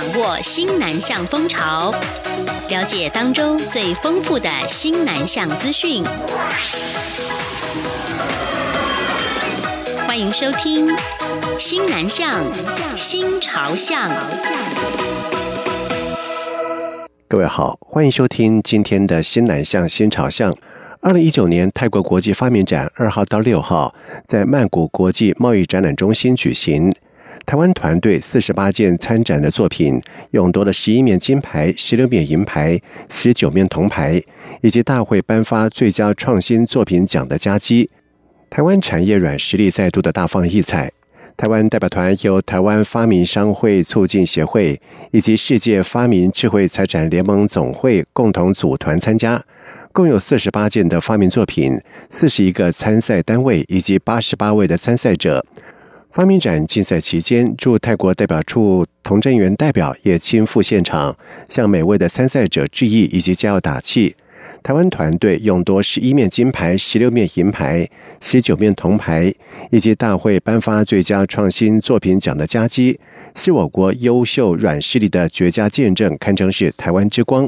掌握新南向風潮，了解當中最豐富的新南向資訊。歡迎收聽《新南向新潮向》。各位好，歡迎收聽今天的《新南向新潮向》。二零一九年泰國國際發明展二號到六號在曼谷國際貿易展覽中心舉行。台灣團隊四十八件參展的作品，勇奪了十一面金牌、十六面銀牌、十九面銅牌，以及大會頒發最佳創新作品獎的佳績。台灣產業軟實力再度的大放異彩。台灣代表團由台灣發明商會促進協會以及世界發明智慧財產聯盟總會共同組團參加，共有四十八件的發明作品、四十一個參賽單位以及八十八位的參賽者。發明展競賽期間，駐泰國代表處童振源代表也親赴現場，向每位的參賽者致意以及加油打氣。台灣團隊勇奪十一面金牌、十六面銀牌、十九面銅牌，以及大會頒發最佳創新作品獎的佳績，是我國優秀軟實力的絕佳見證，堪稱是台灣之光。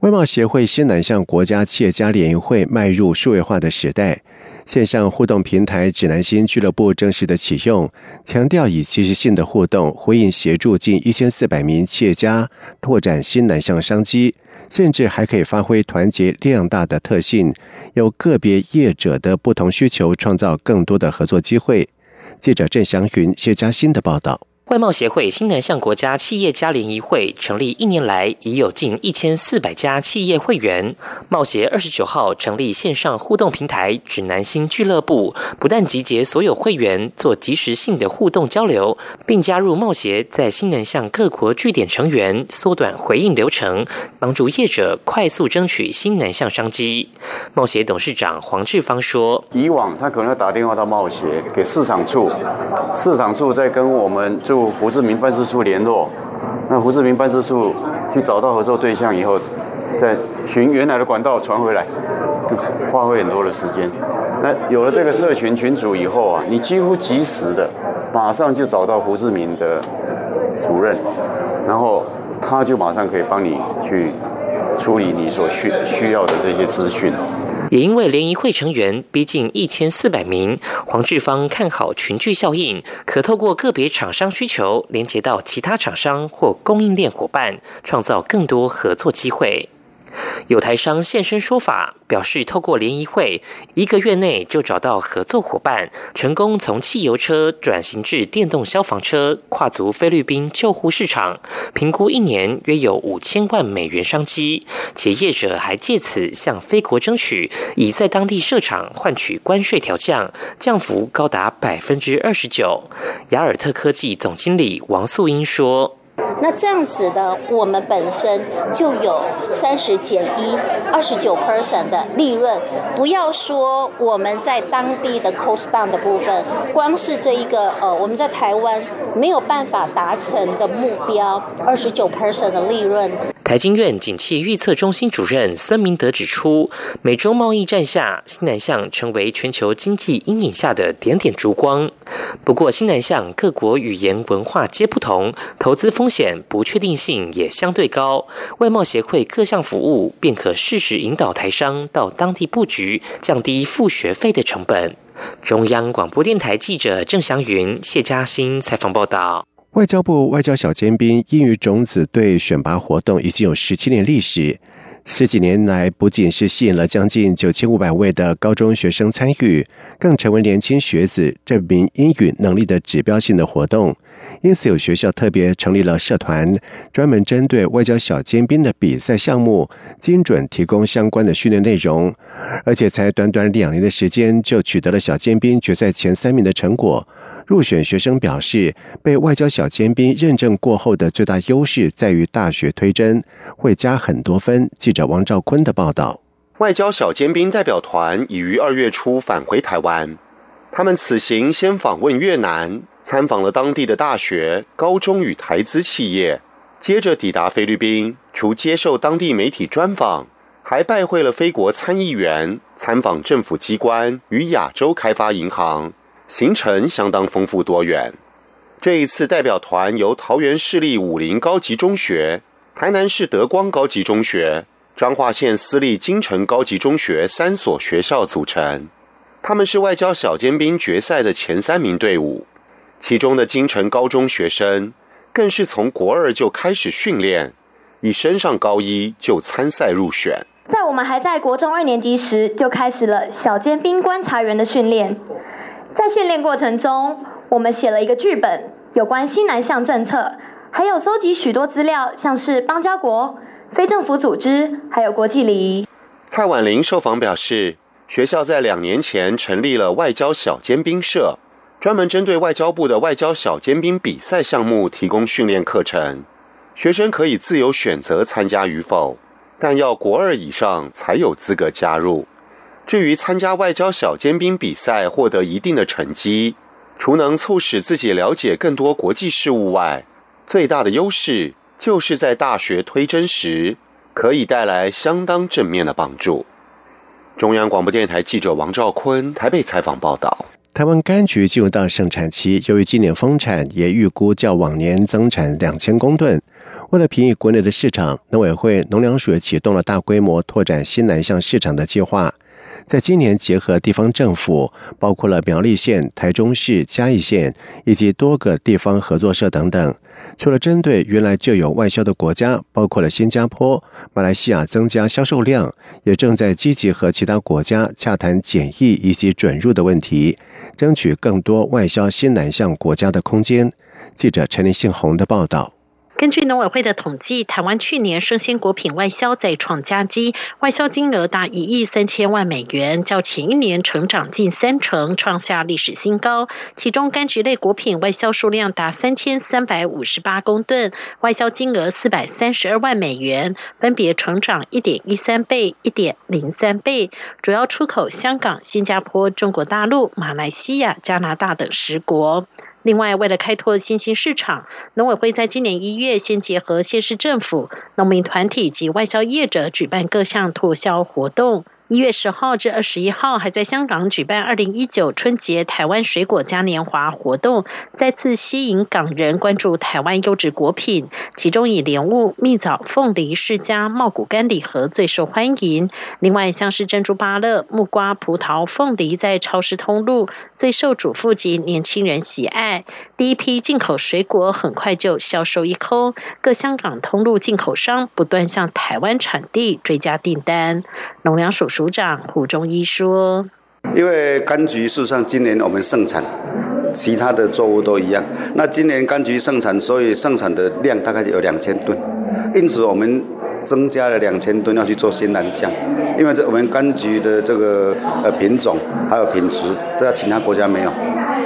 外貿協會新南向國家企業家聯誼會邁入數位化的時代。線上互動平台指南新俱樂部正式的啟用，強調以即時性的互動回應，協助近一千四百名企業家拓展新南向商機，甚至還可以發揮團結力量大的特性，由個別業者的不同需求，創造更多的合作機會。記者鄭祥雲、謝嘉欣的報道。外貿協會新南向國家企業家聯誼會成立一年來，已有近一千四百家企業會員。貿協二十九號成立線上互動平台“指南新俱樂部”，不但集結所有會員做即時性的互動交流，並加入貿協在新南向各國據點成員，縮短回應流程，幫助業者快速爭取新南向商機。貿協董事長黃志芳說：“以往他可能要打電話到貿協給市場處，市場處在跟我們胡志明辦事處聯絡，那胡志明辦事處去找到合作對象以後，再循原來的管道傳回來，就花費很多的時間。那有了這個社群群組以後啊，你幾乎及時的，馬上就找到胡志明的主任，然後他就馬上可以幫你去處理你所需需要的這些資訊。也因為聯誼會成員逼近一千四百名，黃志芳看好群聚效應，可透過個別廠商需求，連接到其他廠商或供應鏈伙伴，創造更多合作機會。有台商現身說法，表示透過聯誼會，一個月內就找到合作夥伴，成功從汽油車轉型至電動消防車，跨足菲律賓救護市場。評估一年約有五千萬美元商機，且業者還借此向菲國爭取，以在當地設廠換取關稅調降，降幅高達百分之二十九。雅爾特科技總經理王素英說。那這樣子的，我們本身就有三十減一，二十九 percent 的利潤。不要說我們在當地的 cost down 的部分，光是這一個呃，我們在台灣沒有辦法達成的目標，二十九 percent 的利潤。台經院景氣預測中心主任孫明德指出，美中貿易戰下，新南向成為全球經濟陰影下的點點燭光。不過，新南向各國語言文化皆不同，投資風險。不確定性也相對高，外貿協會各項服務便可適時引導台商到當地布局，降低付學費的成本。中央廣播電台記者鄭祥雲、謝嘉欣採訪報道。外交部外交小尖兵英語種子隊選拔活動已經有十七年歷史。十幾年來，不僅是吸引了將近九千五百位的高中學生參與，更成為年輕學子證明英語能力的指標性的活動。因此，有學校特別成立了社團，專門針對外交小尖兵的比賽項目，精準提供相關的訓練內容。而且，才短短兩年的時間，就取得了小尖兵決賽前三名的成果。入選學生表示，被外交小尖兵認證過後的最大優勢在於大學推甄會加很多分。記者王兆坤的報道：外交小尖兵代表團已於二月初返回台灣，他們此行先訪問越南，參訪了當地的大學、高中與台資企業，接着抵達菲律賓，除接受當地媒體專訪，還拜會了菲國參議員，參訪政府機關與亞洲開發銀行。行程相當豐富多元。這一次代表團由桃園市立武陵高級中學、台南市德光高級中學、彰化縣私立精誠高級中學三所學校組成。他們是外交小尖兵決賽的前三名隊伍。其中的精誠高中學生更是從國二就開始訓練，一升上高一就參賽入選。在我們還在國中二年級時，就開始了小尖兵觀察員的訓練。在訓練過程中，我們寫了一個劇本，有關新南向政策，還有蒐集許多資料，像是邦交國、非政府組織，還有國際禮儀。蔡婉玲受訪表示，學校在兩年前成立了外交小尖兵社，專門針對外交部的外交小尖兵比賽項目提供訓練課程，學生可以自由選擇參加與否，但要國二以上才有資格加入。至於參加外交小尖兵比賽獲得一定的成績，除能促使自己了解更多國際事務外，最大的優勢就是在大學推甄時可以帶來相當正面的幫助。中央廣播電台記者王兆坤台北採訪報道：台灣柑橘進入到盛產期，由於今年豐產，也預估較往年增產兩千公噸。為了平抑國內的市場，農委會農糧署啟動了大規模拓展新南向市場的計劃。在今年，結合地方政府，包括了苗栗縣、台中市、嘉義縣以及多個地方合作社等等。除了針對原來就有外銷的國家，包括了新加坡、馬來西亞，增加銷售量，也正在積極和其他國家洽談檢疫以及准入的問題，爭取更多外銷新南向國家的空間。記者陳林幸虹的報道根據農委會的統計，台灣去年生鮮果品外銷再創佳績，外銷金額達一億三千萬美元，較前一年成長近三成，創下歷史新高。其中柑橘類果品外銷數量達三千三百五十八公噸，外銷金額四百三十二萬美元，分別成長一點一三倍、一點零三倍，主要出口香港、新加坡、中國大陸、馬來西亞、加拿大等十國。另外，為了開拓新興市場，農委會在今年一月，先結合縣市政府、農民團體及外銷業者，舉辦各項拓銷活動。一月十號至二十一號，還在香港舉辦二零一九春節台灣水果嘉年華活動，再次吸引港人關注台灣優質果品。其中以蓮霧、蜜棗、鳳梨、釋迦、茂谷柑禮盒最受歡迎。另外，像是珍珠芭樂、木瓜、葡萄、鳳梨在超市通路最受主婦及年輕人喜愛。第一批進口水果很快就銷售一空，各香港通路進口商不斷向台灣產地追加訂單。農糧署署長胡忠一說：“因為柑橘事實上今年我們盛產，其他的作物都一樣。那今年柑橘盛產，所以盛產的量大概有兩千噸，因此我們增加了兩千噸要去做新南向，因為這我們柑橘的這個呃品種還有品質，在其他國家沒有。”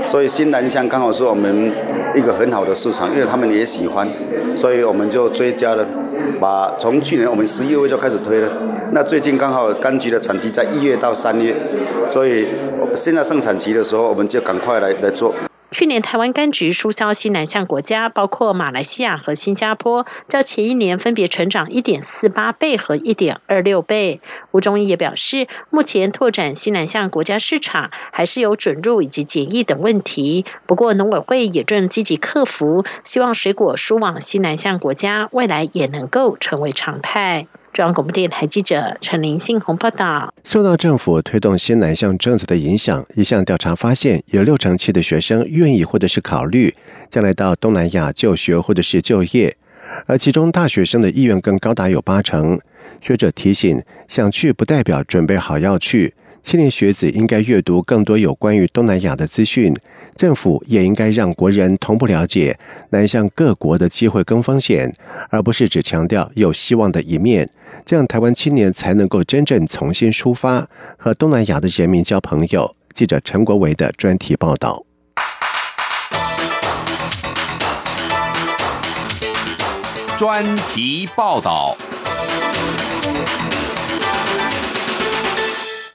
所以新南向剛好是我們一個很好的市場，因為他們也喜歡，所以我們就追加了，把從去年我們十一月就開始推了。那最近剛好柑橘的產期在一月到三月，所以現在盛產期的時候，我們就趕快來來做。去年台灣柑橘輸銷新南向國家，包括馬來西亞和新加坡，較前一年分別成長一點四八倍和一點二六倍。吳忠義也表示，目前拓展新南向國家市場，還是有准入以及檢疫等問題。不過農委會也正積極克服，希望水果輸往新南向國家，未來也能夠成為常態。中央廣播電台記者陳琳信鴻報道：受到政府推動新南向政策的影響，一項調查發現，有六成七的學生願意或者是考慮將來到東南亞就學或者是就業，而其中大學生的意願更高達有八成。學者提醒，想去不代表準備好要去。青年學子應該閱讀更多有關於東南亞的資訊，政府也應該讓國人同步了解南向各國的機會跟風險，而不是只強調有希望的一面。這樣台灣青年才能夠真正重新出發，和東南亞的人民交朋友。記者陳國維的專題報道。專題報道。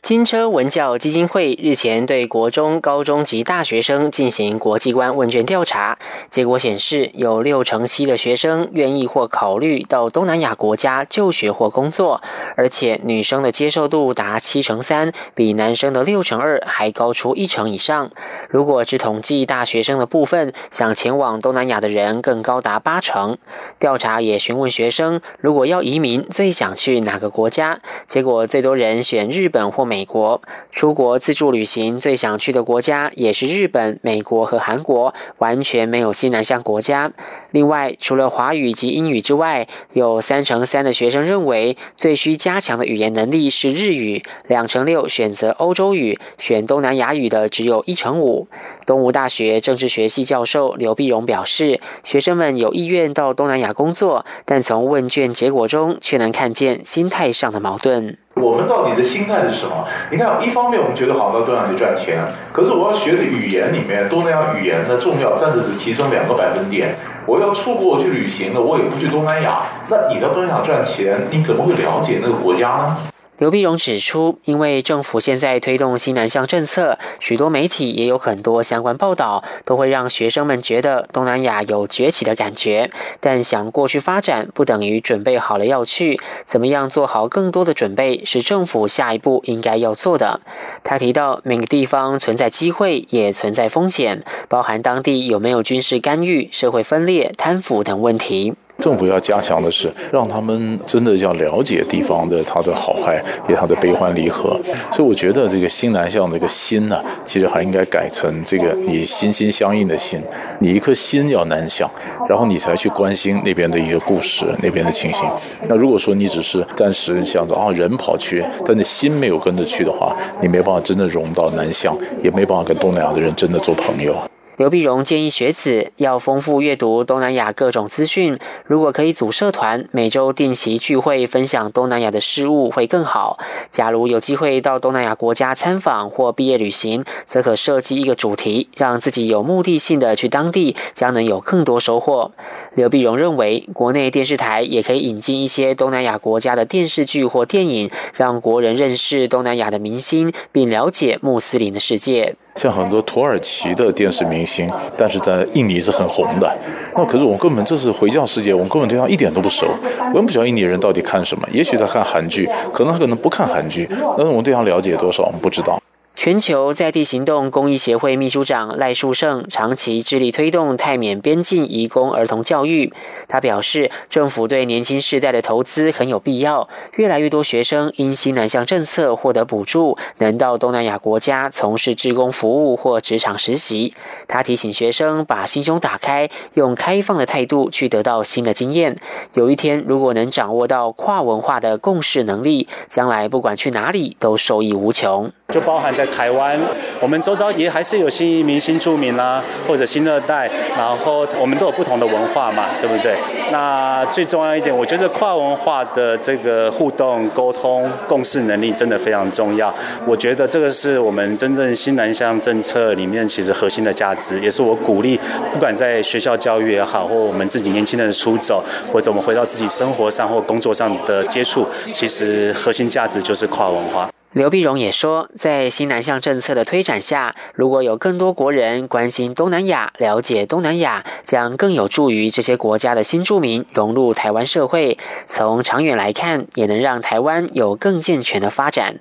金車文教基金會日前對國中、高中及大學生進行國際觀問卷調查，結果顯示，有六成七的學生願意或考慮到東南亞國家就學或工作，而且女生的接受度達七成三，比男生的六成二還高出一成以上。如果只統計大學生的部分，想前往東南亞的人更高達八成。調查也詢問學生，如果要移民，最想去哪個國家？結果最多人選日本或美。美國出國自助旅行最想去的國家也是日本、美國和韓國，完全沒有新南向國家。另外，除了華語及英語之外，有三成三的學生認為最需加強的語言能力是日語，兩成六選擇歐洲語，選東南亞語的只有一成五。東吳大學政治學系教授劉碧榮表示，學生們有意願到東南亞工作，但從問卷結果中卻能看見心態上的矛盾。我們到底的心態是什麼？你看，一方面我們覺得好像到東南亞去賺錢，可是我要學的語言裡面，東南亞語言呢重要，但是只提升兩個百分點。我要出國去旅行了，我也不去東南亞。那你到東南亞賺錢，你怎麼會了解那個國家呢？劉必榮指出，因為政府現在推動新南向政策，許多媒體也有很多相關報道，都會讓學生們覺得東南亞有崛起的感覺。但想過去發展，不等於準備好了要去。怎麼樣做好更多的準備，是政府下一步應該要做的。他提到，每個地方存在機會，也存在風險，包含當地有沒有軍事干預、社會分裂、貪腐等問題。政府要加強的是，讓他們真的要了解地方的他的好壞，也他的悲歡離合。所以我覺得這個“新南向”的這個“心”呢，其實還應該改成這個你心心相印的心，你一顆心要南向，然後你才去關心那邊的一個故事，那邊的情形。那如果說你只是暫時想着啊人跑去，但你心沒有跟着去的話，你沒辦法真的融到南向，也沒辦法跟東南亞的人真的做朋友。劉碧榮建議學子要豐富閱讀東南亞各種資訊，如果可以組社團，每週定期聚會分享東南亞的事物會更好。假如有機會到東南亞國家參訪或畢業旅行，則可設計一個主題，讓自己有目的性的去當地，將能有更多收穫。劉碧榮認為，國內電視台也可以引進一些東南亞國家的電視劇或電影，讓國人認識東南亞的明星，並了解穆斯林的世界。像很多土耳其的電視明星，但是在印尼是很紅的。那可是我們根本這是回教世界，我們根本對他一點都不熟，我們不曉得印尼人到底看什麼。也許他看韓劇，可能他可能不看韓劇。但是我們對他了解多少，我們不知道。全球在地行動公益協會秘書長賴樹盛長期致力推動泰緬邊境移工兒童教育。他表示，政府對年輕世代的投資很有必要。越來越多學生因新南向政策獲得補助，能到東南亞國家從事志工服務或職場實習。他提醒學生把心胸打開，用開放的態度去得到新的經驗。有一天，如果能掌握到跨文化的共識能力，將來不管去哪裡都受益無窮。就包含在台灣，我們周遭也還是有新移民、新住民啦、啊，或者新二代，然後我們都有不同的文化嘛，對不對？那最重要一點，我覺得跨文化的這個互動、溝通、共事能力真的非常重要。我覺得這個是我們真正新南向政策裡面其實核心的價值，也是我鼓勵，不管在學校教育也好，或我們自己年輕人出走，或者我們回到自己生活上或工作上的接觸，其實核心價值就是跨文化。劉碧榮也說，在新南向政策的推展下，如果有更多國人關心東南亞、了解東南亞，將更有助於這些國家的新住民融入台灣社會。從長遠來看，也能讓台灣有更健全的發展。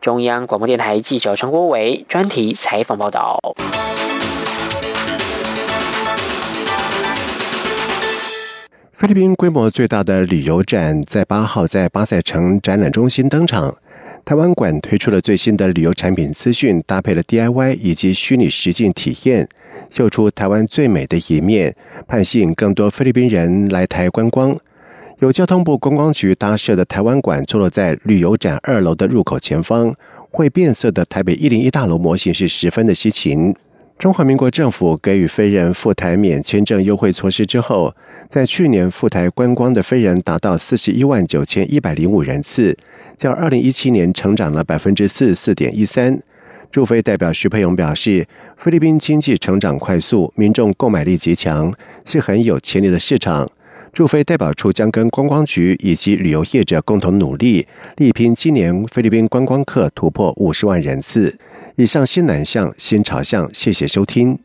中央廣播電台記者陳國偉專題採訪報道。菲律賓規模最大的旅遊展在八號在巴塞城展覽中心登場。台灣館推出了最新的旅遊產品資訊，搭配了 DIY 以及虛擬實境體驗，秀出台灣最美的一面，盼吸引更多菲律賓人來台觀光。由交通部觀光局搭設的台灣館，坐落在旅遊展二樓的入口前方，會變色的台北一零一大樓模型是十分的吸睛。中華民國政府給予菲人赴台免簽證優惠措施之後，在去年赴台觀光的菲人達到四十一萬九千一百零五人次，較二零一七年成長了百分之四十四點一三。駐菲代表徐佩勇表示，菲律賓經濟成長快速，民眾購買力極強，是很有潛力的市場。駐菲代表處將跟觀光局以及旅遊業者共同努力，力拼今年菲律賓觀光客突破五十萬人次。以上新南向、新朝向，謝謝收聽。